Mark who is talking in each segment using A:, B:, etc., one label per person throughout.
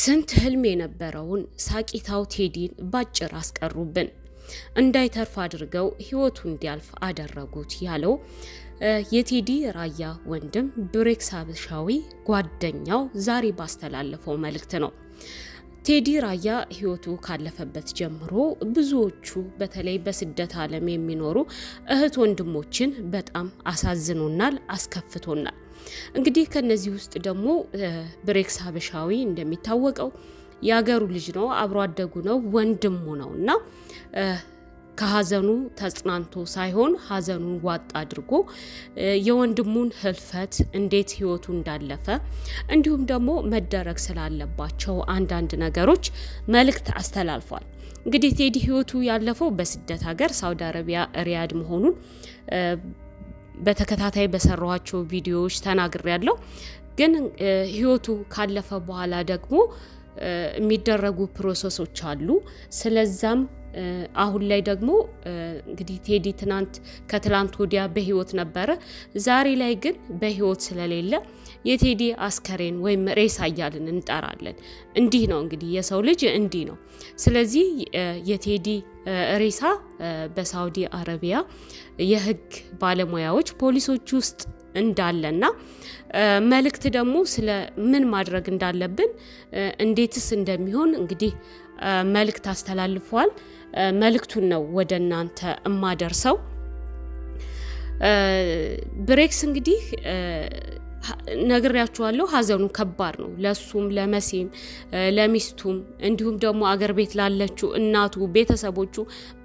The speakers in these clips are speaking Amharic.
A: ስንት ህልም የነበረውን ሳቂታው ቴዲን ባጭር አስቀሩብን። እንዳይተርፍ አድርገው ህይወቱ እንዲያልፍ አደረጉት ያለው የቴዲ ራያ ወንድም ብሬክስ ሀበሻዊ ጓደኛው ዛሬ ባስተላለፈው መልእክት ነው። ቴዲ ራያ ህይወቱ ካለፈበት ጀምሮ ብዙዎቹ በተለይ በስደት ዓለም የሚኖሩ እህት ወንድሞችን በጣም አሳዝኖናል፣ አስከፍቶናል። እንግዲህ ከነዚህ ውስጥ ደግሞ ብሬክስ ሀበሻዊ እንደሚታወቀው የአገሩ ልጅ ነው፣ አብሮ አደጉ ነው፣ ወንድሙ ነው እና ከሀዘኑ ተጽናንቶ ሳይሆን ሀዘኑን ዋጥ አድርጎ የወንድሙን ህልፈት እንዴት ህይወቱ እንዳለፈ እንዲሁም ደግሞ መደረግ ስላለባቸው አንዳንድ ነገሮች መልእክት አስተላልፏል። እንግዲህ ቴዲ ህይወቱ ያለፈው በስደት ሀገር ሳውዲ አረቢያ ሪያድ መሆኑን በተከታታይ በሰሯቸው ቪዲዮዎች ተናግሬ ያለው ግን ህይወቱ ካለፈ በኋላ ደግሞ የሚደረጉ ፕሮሰሶች አሉ። ስለዛም አሁን ላይ ደግሞ እንግዲህ ቴዲ ትናንት ከትላንት ወዲያ በህይወት ነበረ። ዛሬ ላይ ግን በህይወት ስለሌለ የቴዲ አስከሬን ወይም ሬሳ እያልን እንጠራለን። እንዲህ ነው እንግዲህ የሰው ልጅ እንዲህ ነው። ስለዚህ የቴዲ ሬሳ በሳውዲ አረቢያ የህግ ባለሙያዎች ፖሊሶች ውስጥ እንዳለና መልእክት ደግሞ ስለ ምን ማድረግ እንዳለብን እንዴትስ እንደሚሆን እንግዲህ መልእክት አስተላልፏል። መልእክቱን ነው ወደ እናንተ እማደርሰው። ብሬክስ እንግዲህ ነግሬያችኋለሁ። ሀዘኑ ከባድ ነው ለሱም ለመሲም ለሚስቱም እንዲሁም ደግሞ አገር ቤት ላለችው እናቱ ቤተሰቦቹ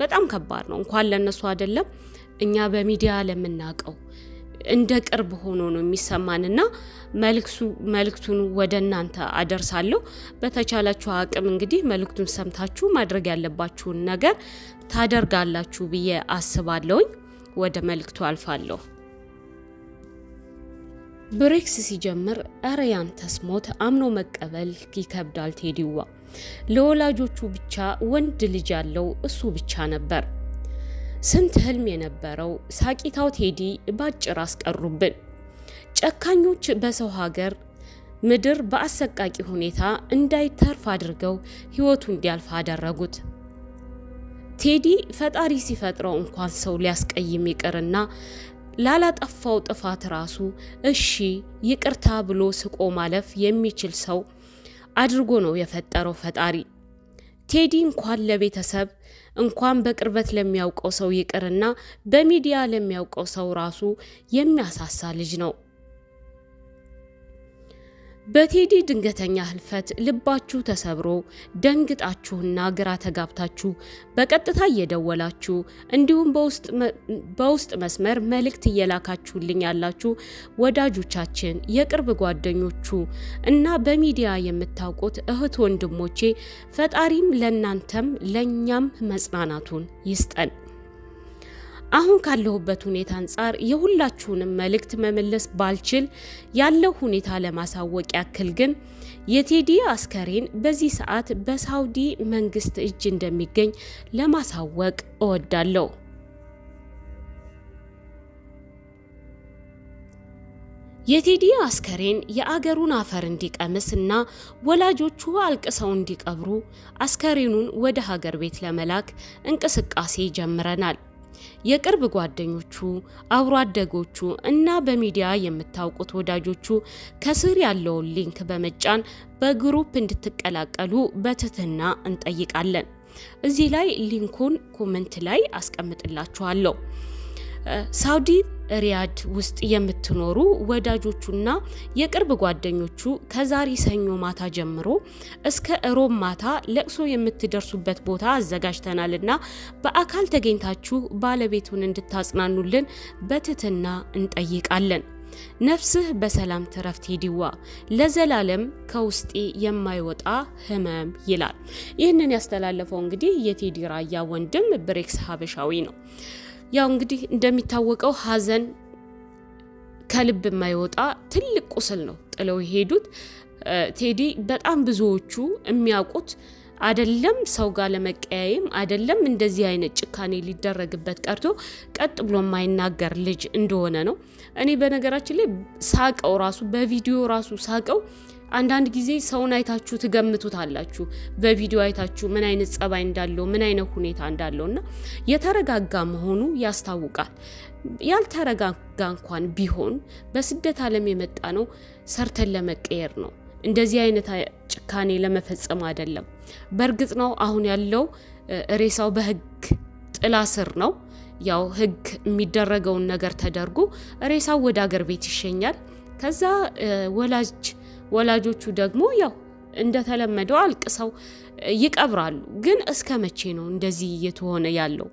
A: በጣም ከባድ ነው። እንኳን ለእነሱ አይደለም እኛ በሚዲያ ለምናውቀው እንደ ቅርብ ሆኖ ነው የሚሰማንና መልእክቱን ወደ እናንተ አደርሳለሁ። በተቻላችሁ አቅም እንግዲህ መልእክቱን ሰምታችሁ ማድረግ ያለባችሁን ነገር ታደርጋላችሁ ብዬ አስባለሁኝ። ወደ መልእክቱ አልፋለሁ። ብሬክስ ሲጀምር እረ ያንተስ ሞት አምኖ መቀበል ይከብዳል ቴዲዋ። ለወላጆቹ ብቻ ወንድ ልጅ ያለው እሱ ብቻ ነበር። ስንት ህልም የነበረው ሳቂታው ቴዲ ባጭር አስቀሩብን። ጨካኞች በሰው ሀገር ምድር በአሰቃቂ ሁኔታ እንዳይተርፍ አድርገው ህይወቱ እንዲያልፍ አደረጉት። ቴዲ ፈጣሪ ሲፈጥረው እንኳን ሰው ሊያስቀይም ይቅርና ላላጠፋው ጥፋት ራሱ እሺ ይቅርታ ብሎ ስቆ ማለፍ የሚችል ሰው አድርጎ ነው የፈጠረው ፈጣሪ። ቴዲ እንኳን ለቤተሰብ እንኳን በቅርበት ለሚያውቀው ሰው ይቅርና በሚዲያ ለሚያውቀው ሰው ራሱ የሚያሳሳ ልጅ ነው። በቴዲ ድንገተኛ ህልፈት ልባችሁ ተሰብሮ ደንግጣችሁና ግራ ተጋብታችሁ በቀጥታ እየደወላችሁ እንዲሁም በውስጥ መስመር መልእክት እየላካችሁልኝ ያላችሁ ወዳጆቻችን፣ የቅርብ ጓደኞቹ እና በሚዲያ የምታውቁት እህት ወንድሞቼ ፈጣሪም ለእናንተም ለእኛም መጽናናቱን ይስጠን። አሁን ካለሁበት ሁኔታ አንጻር የሁላችሁንም መልእክት መመለስ ባልችል ያለው ሁኔታ ለማሳወቅ ያክል ግን የቴዲ አስከሬን በዚህ ሰዓት በሳውዲ መንግስት እጅ እንደሚገኝ ለማሳወቅ እወዳለሁ። የቴዲ አስከሬን የአገሩን አፈር እንዲቀምስ እና ወላጆቹ አልቅሰው እንዲቀብሩ አስከሬኑን ወደ ሀገር ቤት ለመላክ እንቅስቃሴ ጀምረናል። የቅርብ ጓደኞቹ፣ አብሮ አደጎቹ እና በሚዲያ የምታውቁት ወዳጆቹ ከስር ያለውን ሊንክ በመጫን በግሩፕ እንድትቀላቀሉ በትህትና እንጠይቃለን። እዚህ ላይ ሊንኩን ኮመንት ላይ አስቀምጥላችኋለሁ። ሳውዲ ሪያድ ውስጥ የምትኖሩ ወዳጆቹና የቅርብ ጓደኞቹ ከዛሬ ሰኞ ማታ ጀምሮ እስከ እሮብ ማታ ለቅሶ የምትደርሱበት ቦታ አዘጋጅተናልና በአካል ተገኝታችሁ ባለቤቱን እንድታጽናኑልን በትህትና እንጠይቃለን። ነፍስህ በሰላም ትረፍ ቴዲዋ፣ ለዘላለም ከውስጤ የማይወጣ ህመም ይላል። ይህንን ያስተላለፈው እንግዲህ የቴዲ ራያ ወንድም ብሬክስ ሀበሻዊ ነው። ያው እንግዲህ እንደሚታወቀው ሀዘን ከልብ የማይወጣ ትልቅ ቁስል ነው ጥለው የሄዱት ቴዲ በጣም ብዙዎቹ የሚያውቁት አደለም ሰው ጋር ለመቀያየም አደለም እንደዚህ አይነት ጭካኔ ሊደረግበት ቀርቶ ቀጥ ብሎ የማይናገር ልጅ እንደሆነ ነው። እኔ በነገራችን ላይ ሳቀው ራሱ በቪዲዮ ራሱ ሳቀው። አንዳንድ ጊዜ ሰውን አይታችሁ ትገምቱታላችሁ። በቪዲዮ አይታችሁ ምን አይነት ጸባይ እንዳለው ምን አይነት ሁኔታ እንዳለው እና የተረጋጋ መሆኑ ያስታውቃል። ያልተረጋጋ እንኳን ቢሆን በስደት ዓለም የመጣ ነው ሰርተን ለመቀየር ነው። እንደዚህ አይነት ጭካኔ ለመፈጸም አይደለም። በእርግጥ ነው አሁን ያለው ሬሳው በህግ ጥላ ስር ነው። ያው ህግ የሚደረገውን ነገር ተደርጎ ሬሳው ወደ አገር ቤት ይሸኛል። ከዛ ወላጅ ወላጆቹ ደግሞ ያው እንደተለመደው አልቅሰው ይቀብራሉ። ግን እስከ መቼ ነው እንደዚህ እየተሆነ ያለው?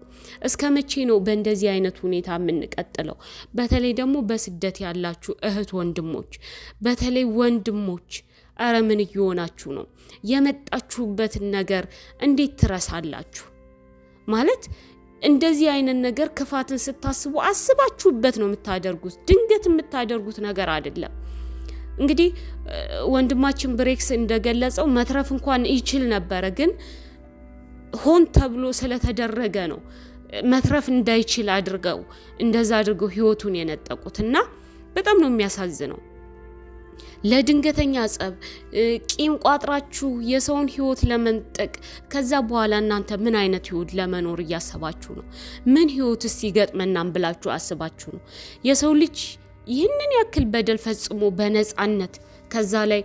A: እስከ መቼ ነው በእንደዚህ አይነት ሁኔታ የምንቀጥለው? በተለይ ደግሞ በስደት ያላችሁ እህት ወንድሞች፣ በተለይ ወንድሞች አረ ምን እየሆናችሁ ነው? የመጣችሁበትን ነገር እንዴት ትረሳላችሁ? ማለት እንደዚህ አይነት ነገር ክፋትን ስታስቡ አስባችሁበት ነው የምታደርጉት። ድንገት የምታደርጉት ነገር አይደለም። እንግዲህ ወንድማችን ብሬክስ እንደገለጸው መትረፍ እንኳን ይችል ነበረ፣ ግን ሆን ተብሎ ስለተደረገ ነው መትረፍ እንዳይችል አድርገው እንደዛ አድርገው ህይወቱን የነጠቁት እና በጣም ነው የሚያሳዝነው። ለድንገተኛ ጸብ ቂም ቋጥራችሁ የሰውን ህይወት ለመንጠቅ ከዛ በኋላ እናንተ ምን አይነት ህይወት ለመኖር እያሰባችሁ ነው? ምን ህይወትስ ይገጥመናም ብላችሁ አስባችሁ ነው? የሰው ልጅ ይህንን ያክል በደል ፈጽሞ በነፃነት ከዛ ላይ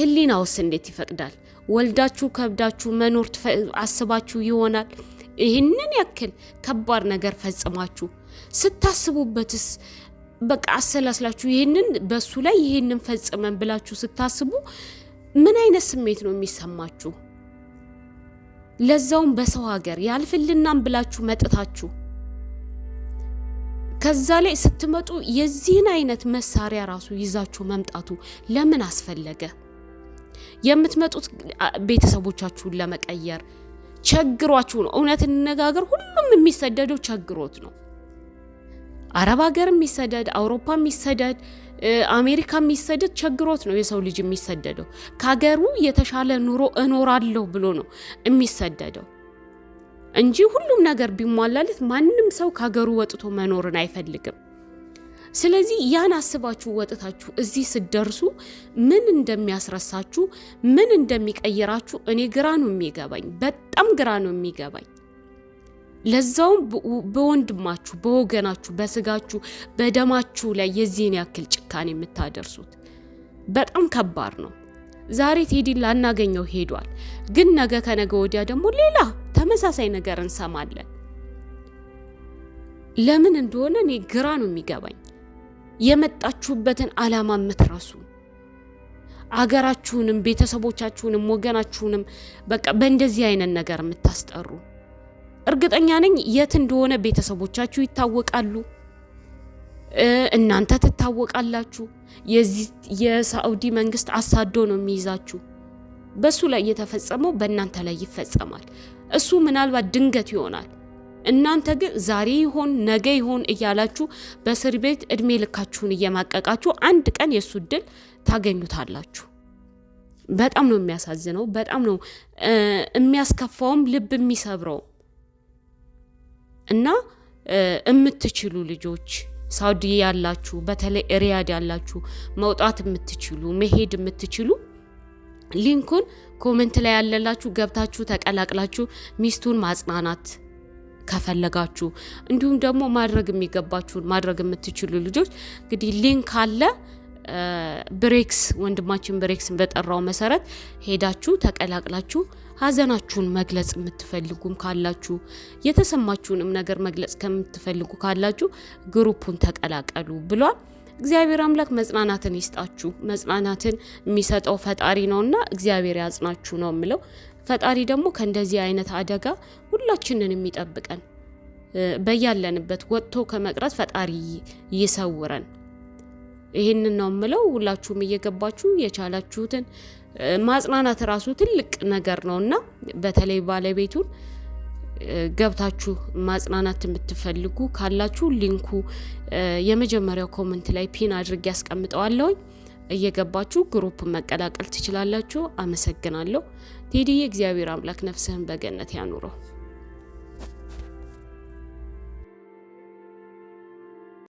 A: ህሊናውስ እንዴት ይፈቅዳል? ወልዳችሁ ከብዳችሁ መኖር አስባችሁ ይሆናል? ይህንን ያክል ከባድ ነገር ፈጽማችሁ ስታስቡበትስ በቃ አሰላስላችሁ ይህንን በሱ ላይ ይህንን ፈጽመን ብላችሁ ስታስቡ ምን አይነት ስሜት ነው የሚሰማችሁ? ለዛውም በሰው ሀገር ያልፍልናም ብላችሁ መጥታችሁ ከዛ ላይ ስትመጡ የዚህን አይነት መሳሪያ ራሱ ይዛችሁ መምጣቱ ለምን አስፈለገ? የምትመጡት ቤተሰቦቻችሁን ለመቀየር ቸግሯችሁ ነው። እውነት እንነጋገር፣ ሁሉም የሚሰደደው ቸግሮት ነው። አረብ ሀገር የሚሰደድ አውሮፓ የሚሰደድ አሜሪካ የሚሰደድ ቸግሮት ነው የሰው ልጅ የሚሰደደው። ከሀገሩ የተሻለ ኑሮ እኖራለሁ ብሎ ነው የሚሰደደው እንጂ ሁሉም ነገር ቢሟላለት ማንም ሰው ከሀገሩ ወጥቶ መኖርን አይፈልግም። ስለዚህ ያን አስባችሁ ወጥታችሁ እዚህ ስደርሱ ምን እንደሚያስረሳችሁ ምን እንደሚቀይራችሁ እኔ ግራ ነው የሚገባኝ፣ በጣም ግራ ነው የሚገባኝ። ለዛውም በወንድማችሁ፣ በወገናችሁ፣ በስጋችሁ፣ በደማችሁ ላይ የዚህን ያክል ጭካኔ የምታደርሱት በጣም ከባድ ነው። ዛሬ ቴዲን ላናገኘው ሄዷል፣ ግን ነገ ከነገ ወዲያ ደግሞ ሌላ ተመሳሳይ ነገር እንሰማለን። ለምን እንደሆነ እኔ ግራ ነው የሚገባኝ። የመጣችሁበትን ዓላማ የምትረሱ አገራችሁንም ቤተሰቦቻችሁንም ወገናችሁንም በቃ በእንደዚህ አይነት ነገር የምታስጠሩ እርግጠኛ ነኝ የት እንደሆነ ቤተሰቦቻችሁ ይታወቃሉ፣ እናንተ ትታወቃላችሁ። የሳዑዲ መንግስት አሳዶ ነው የሚይዛችሁ። በእሱ ላይ የተፈጸመው በእናንተ ላይ ይፈጸማል። እሱ ምናልባት ድንገት ይሆናል። እናንተ ግን ዛሬ ይሆን ነገ ይሆን እያላችሁ በእስር ቤት እድሜ ልካችሁን እየማቀቃችሁ አንድ ቀን የእሱ እድል ታገኙታላችሁ። በጣም ነው የሚያሳዝነው። በጣም ነው የሚያስከፋውም ልብ የሚሰብረው። እና የምትችሉ ልጆች ሳውዲ ያላችሁ በተለይ ሪያድ ያላችሁ መውጣት የምትችሉ መሄድ የምትችሉ ሊንኩን ኮመንት ላይ ያለላችሁ ገብታችሁ ተቀላቅላችሁ ሚስቱን ማጽናናት ከፈለጋችሁ እንዲሁም ደግሞ ማድረግ የሚገባችሁን ማድረግ የምትችሉ ልጆች እንግዲህ ሊንክ አለ። ብሬክስ ወንድማችን ብሬክስን በጠራው መሰረት ሄዳችሁ ተቀላቅላችሁ ሀዘናችሁን መግለጽ የምትፈልጉም ካላችሁ የተሰማችሁንም ነገር መግለጽ ከምትፈልጉ ካላችሁ ግሩፑን ተቀላቀሉ ብሏል። እግዚአብሔር አምላክ መጽናናትን ይስጣችሁ። መጽናናትን የሚሰጠው ፈጣሪ ነውና እግዚአብሔር ያጽናችሁ ነው የምለው። ፈጣሪ ደግሞ ከእንደዚህ አይነት አደጋ ሁላችንን የሚጠብቀን በያለንበት ወጥቶ ከመቅረት ፈጣሪ ይሰውረን። ይህንን ነው የምለው። ሁላችሁም እየገባችሁ የቻላችሁትን ማጽናናት ራሱ ትልቅ ነገር ነው እና በተለይ ባለቤቱን ገብታችሁ ማጽናናት የምትፈልጉ ካላችሁ ሊንኩ የመጀመሪያው ኮመንት ላይ ፒን አድርጌ ያስቀምጠዋለሁኝ። እየገባችሁ ግሩፕ መቀላቀል ትችላላችሁ። አመሰግናለሁ ቴዲ፣ እግዚአብሔር አምላክ ነፍስህን በገነት ያኑረው።